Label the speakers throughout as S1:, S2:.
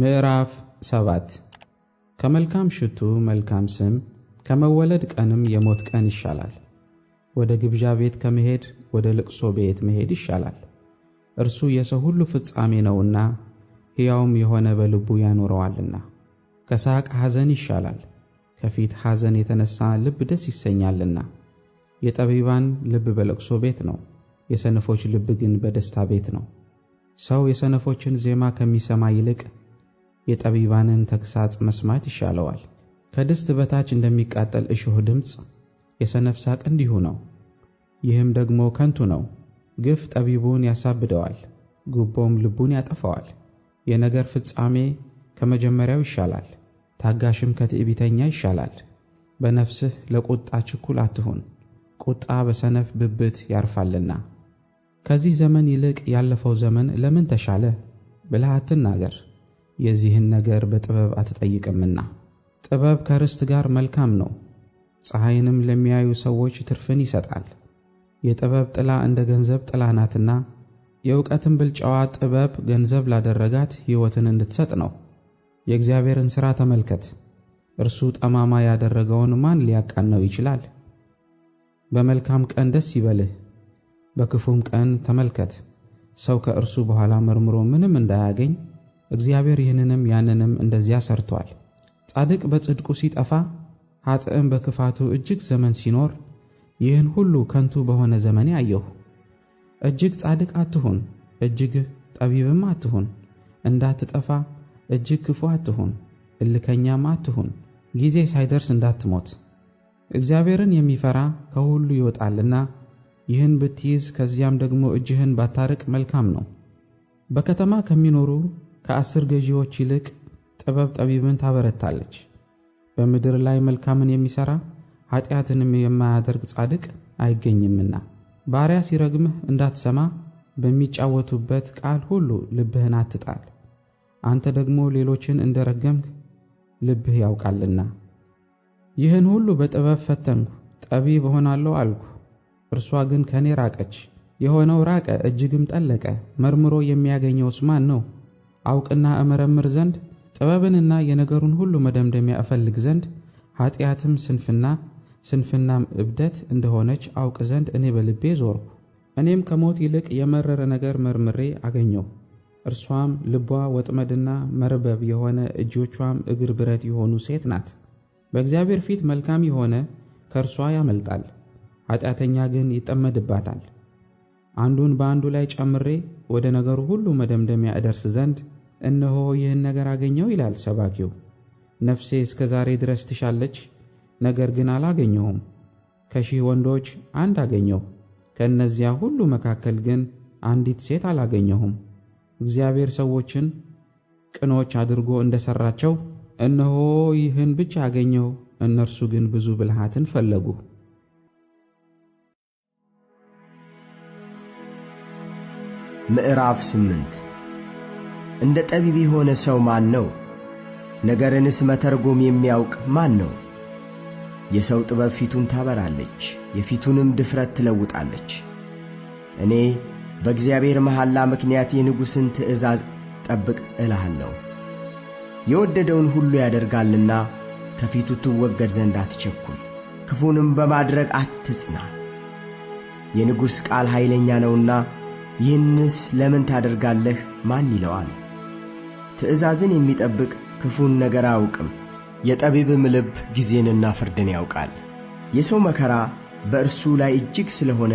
S1: ምዕራፍ ሰባት ከመልካም ሽቱ መልካም ስም ከመወለድ ቀንም የሞት ቀን ይሻላል። ወደ ግብዣ ቤት ከመሄድ ወደ ልቅሶ ቤት መሄድ ይሻላል። እርሱ የሰው ሁሉ ፍጻሜ ነውና ሕያውም የሆነ በልቡ ያኖረዋልና። ከሳቅ ሐዘን ይሻላል፣ ከፊት ሐዘን የተነሣ ልብ ደስ ይሰኛልና። የጠቢባን ልብ በለቅሶ ቤት ነው፣ የሰነፎች ልብ ግን በደስታ ቤት ነው። ሰው የሰነፎችን ዜማ ከሚሰማ ይልቅ የጠቢባንን ተግሳጽ መስማት ይሻለዋል። ከድስት በታች እንደሚቃጠል እሾህ ድምፅ የሰነፍ ሳቅ እንዲሁ ነው። ይህም ደግሞ ከንቱ ነው። ግፍ ጠቢቡን ያሳብደዋል፣ ጉቦም ልቡን ያጠፈዋል የነገር ፍጻሜ ከመጀመሪያው ይሻላል፣ ታጋሽም ከትዕቢተኛ ይሻላል። በነፍስህ ለቁጣ ችኩል አትሁን፣ ቁጣ በሰነፍ ብብት ያርፋልና። ከዚህ ዘመን ይልቅ ያለፈው ዘመን ለምን ተሻለ ብለህ አትናገር። የዚህን ነገር በጥበብ አትጠይቅምና። ጥበብ ከርስት ጋር መልካም ነው፣ ፀሐይንም ለሚያዩ ሰዎች ትርፍን ይሰጣል። የጥበብ ጥላ እንደ ገንዘብ ጥላ ናትና፣ የእውቀትን ብልጫዋ ጥበብ ገንዘብ ላደረጋት ሕይወትን እንድትሰጥ ነው። የእግዚአብሔርን ሥራ ተመልከት፣ እርሱ ጠማማ ያደረገውን ማን ሊያቃነው ይችላል? በመልካም ቀን ደስ ይበልህ፣ በክፉም ቀን ተመልከት፣ ሰው ከእርሱ በኋላ መርምሮ ምንም እንዳያገኝ እግዚአብሔር ይህንንም ያንንም እንደዚያ ሰርቷል። ጻድቅ በጽድቁ ሲጠፋ፣ ኃጥእም በክፋቱ እጅግ ዘመን ሲኖር ይህን ሁሉ ከንቱ በሆነ ዘመኔ አየሁ። እጅግ ጻድቅ አትሁን፣ እጅግ ጠቢብም አትሁን። እንዳትጠፋ እጅግ ክፉ አትሁን፣ እልከኛም አትሁን፣ ጊዜ ሳይደርስ እንዳትሞት። እግዚአብሔርን የሚፈራ ከሁሉ ይወጣልና ይህን ብትይዝ ከዚያም ደግሞ እጅህን ባታርቅ መልካም ነው። በከተማ ከሚኖሩ ከአስር ገዢዎች ይልቅ ጥበብ ጠቢብን ታበረታለች። በምድር ላይ መልካምን የሚሠራ ኃጢአትንም የማያደርግ ጻድቅ አይገኝምና። ባሪያ ሲረግምህ እንዳትሰማ በሚጫወቱበት ቃል ሁሉ ልብህን አትጣል። አንተ ደግሞ ሌሎችን እንደረገምህ ልብህ ያውቃልና። ይህን ሁሉ በጥበብ ፈተንኩ፣ ጠቢብ እሆናለሁ አልኩ። እርሷ ግን ከኔ ራቀች። የሆነው ራቀ እጅግም ጠለቀ፣ መርምሮ የሚያገኘውስ ማን ነው? አውቅና እመረምር ዘንድ ጥበብንና የነገሩን ሁሉ መደምደሚያ እፈልግ ዘንድ ኃጢአትም ስንፍና ስንፍናም እብደት እንደሆነች አውቅ ዘንድ እኔ በልቤ ዞርኩ። እኔም ከሞት ይልቅ የመረረ ነገር መርምሬ አገኘሁ። እርሷም ልቧ ወጥመድና መርበብ የሆነ እጆቿም እግር ብረት የሆኑ ሴት ናት። በእግዚአብሔር ፊት መልካም የሆነ ከእርሷ ያመልጣል፣ ኃጢአተኛ ግን ይጠመድባታል። አንዱን በአንዱ ላይ ጨምሬ ወደ ነገሩ ሁሉ መደምደሚያ እደርስ ዘንድ እነሆ ይህን ነገር አገኘው ይላል ሰባኪው። ነፍሴ እስከ ዛሬ ድረስ ትሻለች፣ ነገር ግን አላገኘሁም። ከሺህ ወንዶች አንድ አገኘሁ፣ ከእነዚያ ሁሉ መካከል ግን አንዲት ሴት አላገኘሁም። እግዚአብሔር ሰዎችን ቅኖች አድርጎ እንደ ሠራቸው እነሆ ይህን ብቻ አገኘሁ፣ እነርሱ ግን ብዙ ብልሃትን ፈለጉ።
S2: ምዕራፍ ስምንት እንደ ጠቢብ የሆነ ሰው ማን ነው? ነገርንስ መተርጎም የሚያውቅ ማን ነው? የሰው ጥበብ ፊቱን ታበራለች፣ የፊቱንም ድፍረት ትለውጣለች። እኔ በእግዚአብሔር መሐላ ምክንያት የንጉሥን ትእዛዝ ጠብቅ እልሃለሁ። የወደደውን ሁሉ ያደርጋልና ከፊቱ ትወገድ ዘንድ አትቸኩል፣ ክፉንም በማድረግ አትጽና። የንጉሥ ቃል ኃይለኛ ነውና ይህንስ ለምን ታደርጋለህ ማን ይለዋል? ትእዛዝን የሚጠብቅ ክፉን ነገር አያውቅም፣ የጠቢብም ልብ ጊዜንና ፍርድን ያውቃል። የሰው መከራ በእርሱ ላይ እጅግ ስለሆነ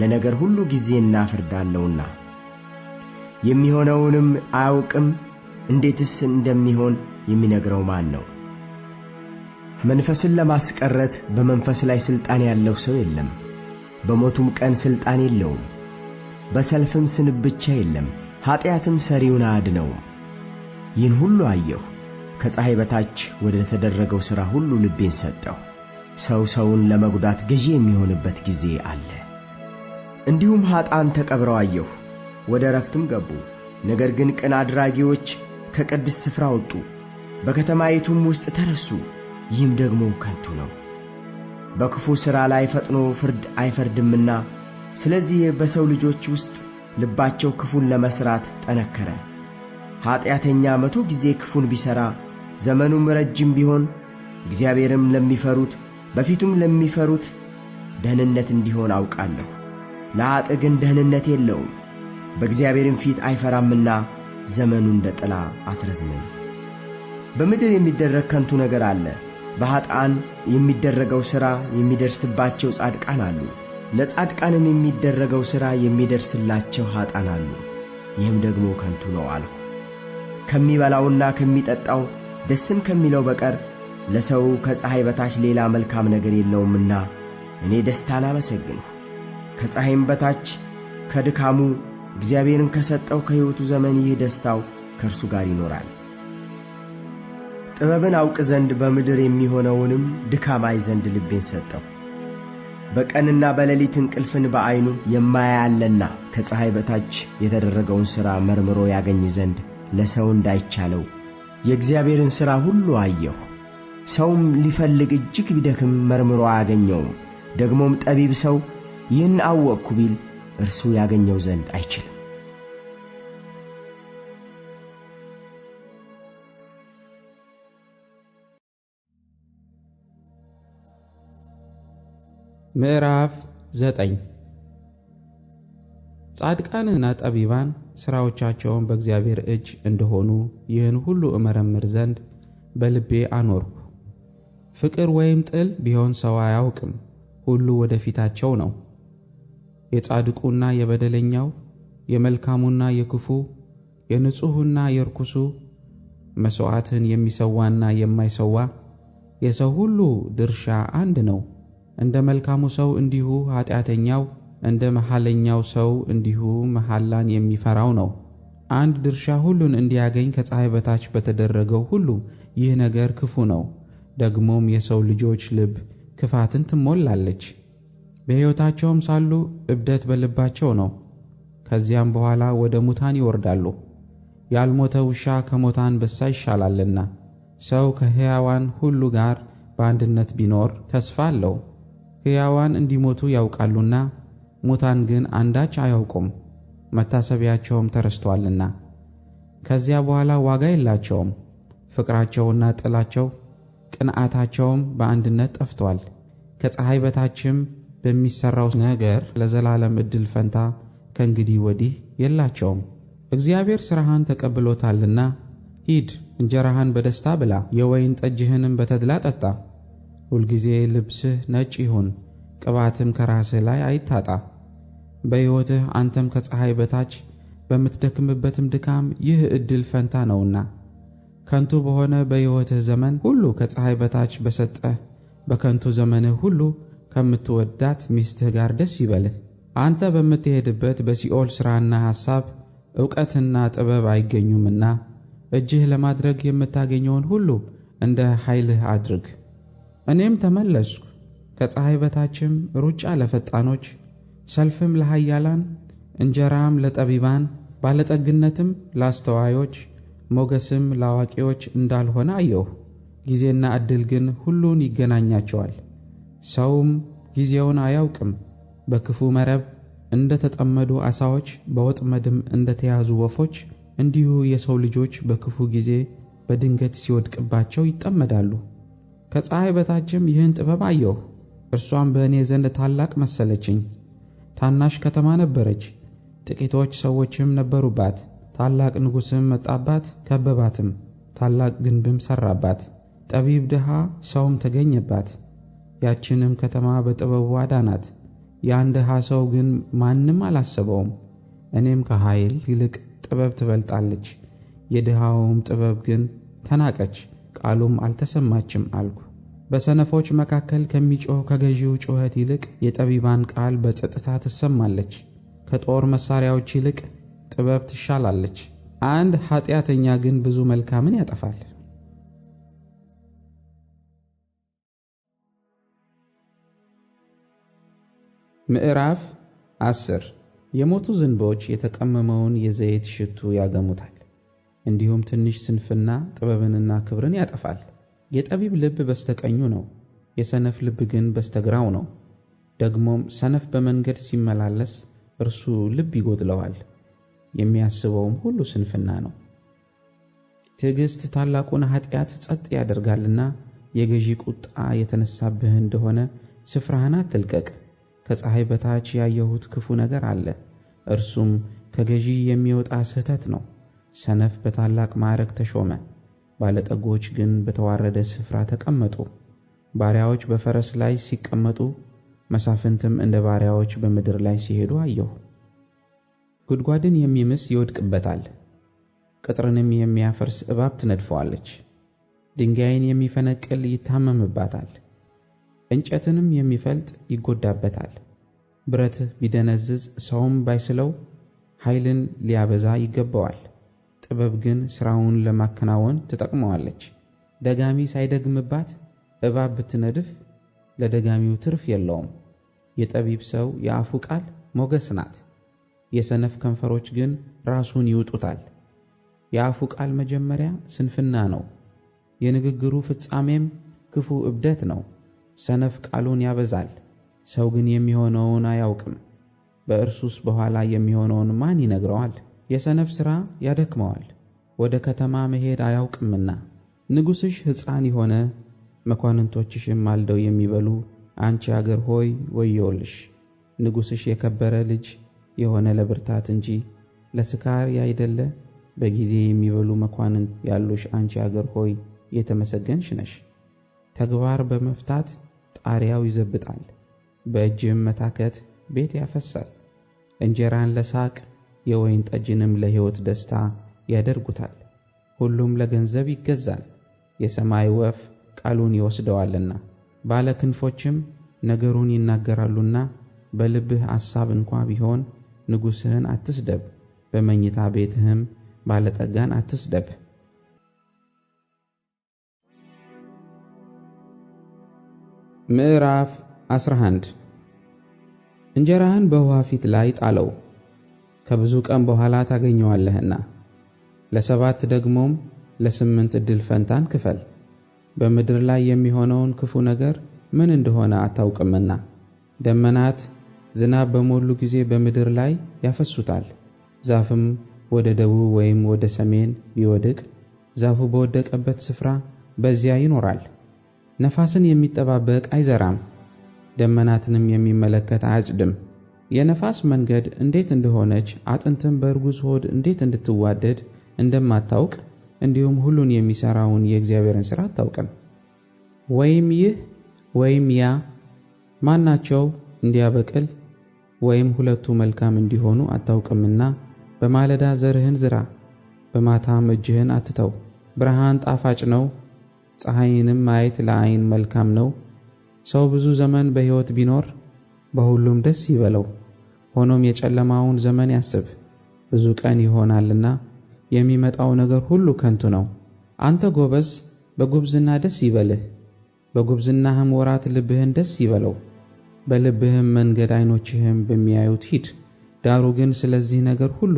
S2: ለነገር ሁሉ ጊዜና ፍርድ አለውና የሚሆነውንም አያውቅም፣ እንዴትስ እንደሚሆን የሚነግረው ማን ነው? መንፈስን ለማስቀረት በመንፈስ ላይ ሥልጣን ያለው ሰው የለም፣ በሞቱም ቀን ሥልጣን የለውም። በሰልፍም ስንብቻ የለም፣ ኀጢአትም ሰሪውን አያድነውም። ይህን ሁሉ አየሁ። ከፀሐይ በታች ወደ ተደረገው ሥራ ሁሉ ልቤን ሰጠሁ። ሰው ሰውን ለመጉዳት ገዢ የሚሆንበት ጊዜ አለ። እንዲሁም ኀጣን ተቀብረው አየሁ፣ ወደ ረፍትም ገቡ። ነገር ግን ቅን አድራጊዎች ከቅድስት ስፍራ ወጡ፣ በከተማይቱም ውስጥ ተረሱ። ይህም ደግሞ ከንቱ ነው። በክፉ ሥራ ላይ ፈጥኖ ፍርድ አይፈርድምና ስለዚህ በሰው ልጆች ውስጥ ልባቸው ክፉን ለመሥራት ጠነከረ። ኀጢአተኛ መቶ ጊዜ ክፉን ቢሠራ ዘመኑም ረጅም ቢሆን እግዚአብሔርም ለሚፈሩት በፊቱም ለሚፈሩት ደህንነት እንዲሆን አውቃለሁ። ለአጥ ግን ደህንነት የለውም፣ በእግዚአብሔርም ፊት አይፈራምና ዘመኑ እንደ ጥላ አትረዝምም። በምድር የሚደረግ ከንቱ ነገር አለ። በኀጣን የሚደረገው ሥራ የሚደርስባቸው ጻድቃን አሉ። ለጻድቃንም የሚደረገው ሥራ የሚደርስላቸው ኀጣን አሉ። ይህም ደግሞ ከንቱ ነው አልሁ። ከሚበላውና ከሚጠጣው ደስም ከሚለው በቀር ለሰው ከፀሐይ በታች ሌላ መልካም ነገር የለውምና እኔ ደስታን አመሰግንሁ። ከፀሐይም በታች ከድካሙ እግዚአብሔርን ከሰጠው ከሕይወቱ ዘመን ይህ ደስታው ከእርሱ ጋር ይኖራል። ጥበብን አውቅ ዘንድ በምድር የሚሆነውንም ድካም አይ ዘንድ ልቤን ሰጠሁ። በቀንና በሌሊት እንቅልፍን በዐይኑ የማያያለና ከፀሐይ በታች የተደረገውን ሥራ መርምሮ ያገኝ ዘንድ ለሰው እንዳይቻለው የእግዚአብሔርን ሥራ ሁሉ አየሁ። ሰውም ሊፈልግ እጅግ ቢደክም መርምሮ አያገኘውም። ደግሞም ጠቢብ ሰው ይህን አወቅኩ ቢል እርሱ ያገኘው ዘንድ አይችልም።
S3: ምዕራፍ ዘጠኝ ጻድቃንና ጠቢባን ሥራዎቻቸውን በእግዚአብሔር እጅ እንደሆኑ ይህን ሁሉ እመረምር ዘንድ በልቤ አኖርኩ። ፍቅር ወይም ጥል ቢሆን ሰው አያውቅም፣ ሁሉ ወደ ፊታቸው ነው። የጻድቁና የበደለኛው፣ የመልካሙና የክፉ፣ የንጹሑና የርኩሱ፣ መሥዋዕትን የሚሰዋና የማይሰዋ የሰው ሁሉ ድርሻ አንድ ነው። እንደ መልካሙ ሰው እንዲሁ ኃጢአተኛው፣ እንደ መሐለኛው ሰው እንዲሁ መሐላን የሚፈራው ነው። አንድ ድርሻ ሁሉን እንዲያገኝ ከፀሐይ በታች በተደረገው ሁሉ ይህ ነገር ክፉ ነው። ደግሞም የሰው ልጆች ልብ ክፋትን ትሞላለች። በሕይወታቸውም ሳሉ እብደት በልባቸው ነው። ከዚያም በኋላ ወደ ሙታን ይወርዳሉ። ያልሞተ ውሻ ከሞተ አንበሳ ይሻላልና ሰው ከሕያዋን ሁሉ ጋር በአንድነት ቢኖር ተስፋ አለው። ሕያዋን እንዲሞቱ ያውቃሉና ሙታን ግን አንዳች አያውቁም፣ መታሰቢያቸውም ተረስቶአልና። ከዚያ በኋላ ዋጋ የላቸውም። ፍቅራቸውና ጥላቸው ቅንዓታቸውም በአንድነት ጠፍቶአል። ከፀሐይ በታችም በሚሠራው ነገር ለዘላለም ዕድል ፈንታ ከእንግዲህ ወዲህ የላቸውም። እግዚአብሔር ሥራህን ተቀብሎታልና ሂድ፣ እንጀራህን በደስታ ብላ፣ የወይን ጠጅህንም በተድላ ጠጣ። ሁልጊዜ ልብስህ ነጭ ይሁን፣ ቅባትም ከራስህ ላይ አይታጣ። በሕይወትህ አንተም ከፀሐይ በታች በምትደክምበትም ድካም ይህ ዕድል ፈንታ ነውና ከንቱ በሆነ በሕይወትህ ዘመን ሁሉ ከፀሐይ በታች በሰጠህ በከንቱ ዘመንህ ሁሉ ከምትወዳት ሚስትህ ጋር ደስ ይበልህ። አንተ በምትሄድበት በሲኦል ሥራና ሐሳብ ዕውቀትና ጥበብ አይገኙምና እጅህ ለማድረግ የምታገኘውን ሁሉ እንደ ኃይልህ አድርግ። እኔም ተመለስኩ። ከፀሐይ በታችም ሩጫ ለፈጣኖች፣ ሰልፍም ለሃያላን፣ እንጀራም ለጠቢባን፣ ባለጠግነትም ለአስተዋዮች፣ ሞገስም ለአዋቂዎች እንዳልሆነ አየሁ። ጊዜና ዕድል ግን ሁሉን ይገናኛቸዋል። ሰውም ጊዜውን አያውቅም። በክፉ መረብ እንደ ተጠመዱ ዓሣዎች፣ በወጥመድም እንደ ተያዙ ወፎች እንዲሁ የሰው ልጆች በክፉ ጊዜ በድንገት ሲወድቅባቸው ይጠመዳሉ። ከፀሐይ በታችም ይህን ጥበብ አየሁ። እርሷም በእኔ ዘንድ ታላቅ መሰለችኝ። ታናሽ ከተማ ነበረች፣ ጥቂቶች ሰዎችም ነበሩባት። ታላቅ ንጉሥም መጣባት፣ ከበባትም፣ ታላቅ ግንብም ሠራባት። ጠቢብ ድሃ ሰውም ተገኘባት፣ ያችንም ከተማ በጥበቡ አዳናት። ያን ድሃ ሰው ግን ማንም አላሰበውም። እኔም ከኃይል ይልቅ ጥበብ ትበልጣለች፣ የድሃውም ጥበብ ግን ተናቀች። ቃሉም አልተሰማችም አልኩ። በሰነፎች መካከል ከሚጮህ ከገዢው ጩኸት ይልቅ የጠቢባን ቃል በጸጥታ ትሰማለች። ከጦር መሳሪያዎች ይልቅ ጥበብ ትሻላለች። አንድ ኃጢአተኛ ግን ብዙ መልካምን ያጠፋል።
S4: ምዕራፍ 10 የሞቱ ዝንቦች የተቀመመውን የዘይት ሽቱ ያገሙታል። እንዲሁም ትንሽ ስንፍና ጥበብንና ክብርን ያጠፋል። የጠቢብ ልብ በስተቀኙ ነው፣ የሰነፍ ልብ ግን በስተግራው ነው። ደግሞም ሰነፍ በመንገድ ሲመላለስ እርሱ ልብ ይጎድለዋል፣ የሚያስበውም ሁሉ ስንፍና ነው። ትዕግሥት ታላቁን ኃጢአት ጸጥ ያደርጋልና የገዢ ቁጣ የተነሳብህ እንደሆነ ስፍራህን አትልቀቅ። ከፀሐይ በታች ያየሁት ክፉ ነገር አለ፣ እርሱም ከገዢ የሚወጣ ስህተት ነው። ሰነፍ በታላቅ ማዕረግ ተሾመ፣ ባለጠጎች ግን በተዋረደ ስፍራ ተቀመጡ። ባሪያዎች በፈረስ ላይ ሲቀመጡ፣ መሳፍንትም እንደ ባሪያዎች በምድር ላይ ሲሄዱ አየሁ። ጉድጓድን የሚምስ ይወድቅበታል፣ ቅጥርንም የሚያፈርስ እባብ ትነድፈዋለች። ድንጋይን የሚፈነቅል ይታመምባታል፣ እንጨትንም የሚፈልጥ ይጎዳበታል። ብረት ቢደነዝዝ ሰውም ባይስለው ኃይልን ሊያበዛ ይገባዋል። ጥበብ ግን ሥራውን ለማከናወን ትጠቅመዋለች። ደጋሚ ሳይደግምባት እባብ ብትነድፍ ለደጋሚው ትርፍ የለውም። የጠቢብ ሰው የአፉ ቃል ሞገስ ናት፣ የሰነፍ ከንፈሮች ግን ራሱን ይውጡታል። የአፉ ቃል መጀመሪያ ስንፍና ነው፣ የንግግሩ ፍጻሜም ክፉ እብደት ነው። ሰነፍ ቃሉን ያበዛል፣ ሰው ግን የሚሆነውን አያውቅም። በእርሱስ በኋላ የሚሆነውን ማን ይነግረዋል? የሰነፍ ሥራ ያደክመዋል፣ ወደ ከተማ መሄድ አያውቅምና። ንጉሥሽ ሕፃን የሆነ መኳንንቶችሽም ማልደው የሚበሉ አንቺ አገር ሆይ ወየውልሽ። ንጉሥሽ የከበረ ልጅ የሆነ ለብርታት እንጂ ለስካር ያይደለ በጊዜ የሚበሉ መኳንንት ያሉሽ አንቺ አገር ሆይ የተመሰገንሽ ነሽ። ተግባር በመፍታት ጣሪያው ይዘብጣል፣ በእጅም መታከት ቤት ያፈሳል። እንጀራን ለሳቅ የወይን ጠጅንም ለሕይወት ደስታ ያደርጉታል። ሁሉም ለገንዘብ ይገዛል። የሰማይ ወፍ ቃሉን ይወስደዋልና ባለ ክንፎችም ነገሩን ይናገራሉና። በልብህ አሳብ እንኳ ቢሆን ንጉሥህን አትስደብ፣ በመኝታ ቤትህም ባለጠጋን አትስደብ።
S5: ምዕራፍ 11 እንጀራህን በውሃ ፊት ላይ ጣለው ከብዙ ቀን በኋላ ታገኘዋለህና። ለሰባት ደግሞም ለስምንት ዕድል ፈንታን ክፈል። በምድር ላይ የሚሆነውን ክፉ ነገር ምን እንደሆነ አታውቅምና። ደመናት ዝናብ በሞሉ ጊዜ በምድር ላይ ያፈሱታል። ዛፍም ወደ ደቡብ ወይም ወደ ሰሜን ቢወድቅ ዛፉ በወደቀበት ስፍራ በዚያ ይኖራል። ነፋስን የሚጠባበቅ አይዘራም፣ ደመናትንም የሚመለከት አያጭድም። የነፋስ መንገድ እንዴት እንደሆነች አጥንትን በእርጉዝ ሆድ እንዴት እንድትዋደድ እንደማታውቅ እንዲሁም ሁሉን የሚሠራውን የእግዚአብሔርን ሥራ አታውቅም። ወይም ይህ ወይም ያ ማናቸው እንዲያበቅል ወይም ሁለቱ መልካም እንዲሆኑ አታውቅምና በማለዳ ዘርህን ዝራ፣ በማታም እጅህን አትተው። ብርሃን ጣፋጭ ነው፣ ፀሐይንም ማየት ለአይን መልካም ነው። ሰው ብዙ ዘመን በሕይወት ቢኖር በሁሉም ደስ ይበለው። ሆኖም የጨለማውን ዘመን ያስብ፣ ብዙ ቀን ይሆናልና የሚመጣው ነገር ሁሉ ከንቱ ነው። አንተ ጎበዝ፣ በጉብዝና ደስ ይበልህ፣ በጉብዝናህም ወራት ልብህን ደስ ይበለው። በልብህም መንገድ ዓይኖችህም በሚያዩት ሂድ። ዳሩ ግን ስለዚህ ነገር ሁሉ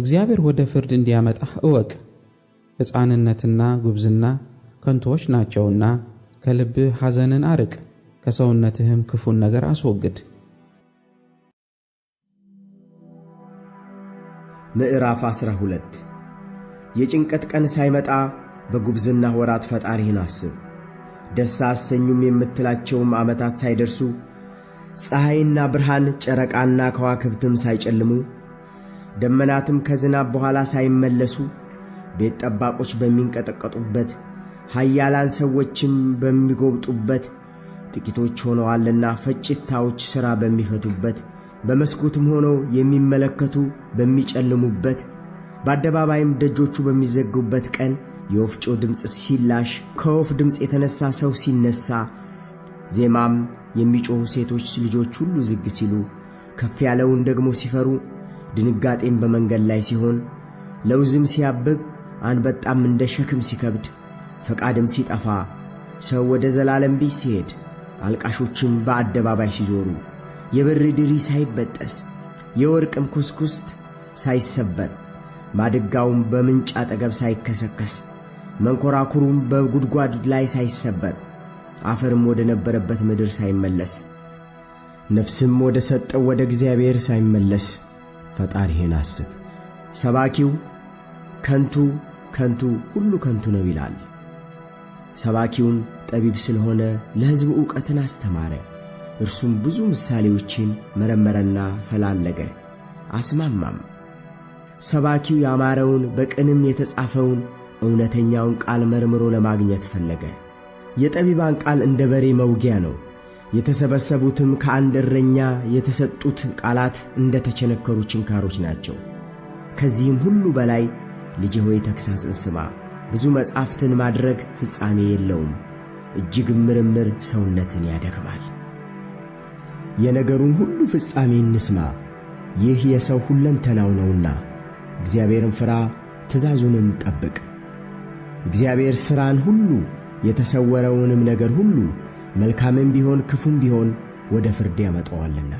S5: እግዚአብሔር ወደ ፍርድ እንዲያመጣህ እወቅ። ሕፃንነትና ጉብዝና ከንቶዎች ናቸውና ከልብህ ሐዘንን አርቅ፣ ከሰውነትህም ክፉን ነገር አስወግድ።
S6: ምዕራፍ 12 የጭንቀት ቀን ሳይመጣ በጉብዝና ወራት ፈጣሪህን አስብ። ደስ አሰኙም የምትላቸውም ዓመታት ሳይደርሱ ፀሐይና ብርሃን ጨረቃና ከዋክብትም ሳይጨልሙ ደመናትም ከዝናብ በኋላ ሳይመለሱ ቤት ጠባቆች በሚንቀጠቀጡበት ኃያላን ሰዎችም በሚጎብጡበት ጥቂቶች ሆነዋልና ፈጭታዎች ሥራ በሚፈቱበት በመስኮትም ሆነው የሚመለከቱ በሚጨልሙበት በአደባባይም ደጆቹ በሚዘጉበት ቀን የወፍጮ ድምፅ ሲላሽ፣ ከወፍ ድምፅ የተነሳ ሰው ሲነሳ፣ ዜማም የሚጮኹ ሴቶች ልጆች ሁሉ ዝግ ሲሉ፣ ከፍ ያለውን ደግሞ ሲፈሩ፣ ድንጋጤም በመንገድ ላይ ሲሆን፣ ለውዝም ሲያብብ፣ አንበጣም እንደ ሸክም ሲከብድ፣ ፈቃድም ሲጠፋ፣ ሰው ወደ ዘላለም ቤት ሲሄድ፣ አልቃሾችም በአደባባይ ሲዞሩ የብር ድሪ ሳይበጠስ የወርቅም ኩስኩስት ሳይሰበር ማድጋውም በምንጭ አጠገብ ሳይከሰከስ መንኰራኩሩም በጉድጓድ ላይ ሳይሰበር አፈርም ወደ ነበረበት ምድር ሳይመለስ ነፍስም ወደ ሰጠው ወደ እግዚአብሔር ሳይመለስ ፈጣሪህን አስብ። ሰባኪው ከንቱ ከንቱ ሁሉ ከንቱ ነው ይላል። ሰባኪውም ጠቢብ ስለሆነ ለሕዝቡ ዕውቀትን አስተማረ። እርሱም ብዙ ምሳሌዎችን መረመረና ፈላለገ አስማማም። ሰባኪው ያማረውን በቅንም የተጻፈውን እውነተኛውን ቃል መርምሮ ለማግኘት ፈለገ። የጠቢባን ቃል እንደ በሬ መውጊያ ነው። የተሰበሰቡትም ከአንድ እረኛ የተሰጡት ቃላት እንደ ተቸነከሩ ችንካሮች ናቸው። ከዚህም ሁሉ በላይ ልጄ ሆይ ተግሣጽን ስማ፣ ብዙ መጻሕፍትን ማድረግ ፍጻሜ የለውም፣ እጅግም ምርምር ሰውነትን ያደክማል። የነገሩን ሁሉ ፍጻሜ እንስማ፣ ይህ የሰው ሁለንተናው ነውና። እግዚአብሔርን ፍራ፣ ትእዛዙንም ጠብቅ። እግዚአብሔር ሥራን ሁሉ የተሰወረውንም ነገር ሁሉ መልካምም ቢሆን ክፉም ቢሆን ወደ ፍርድ ያመጣዋልና።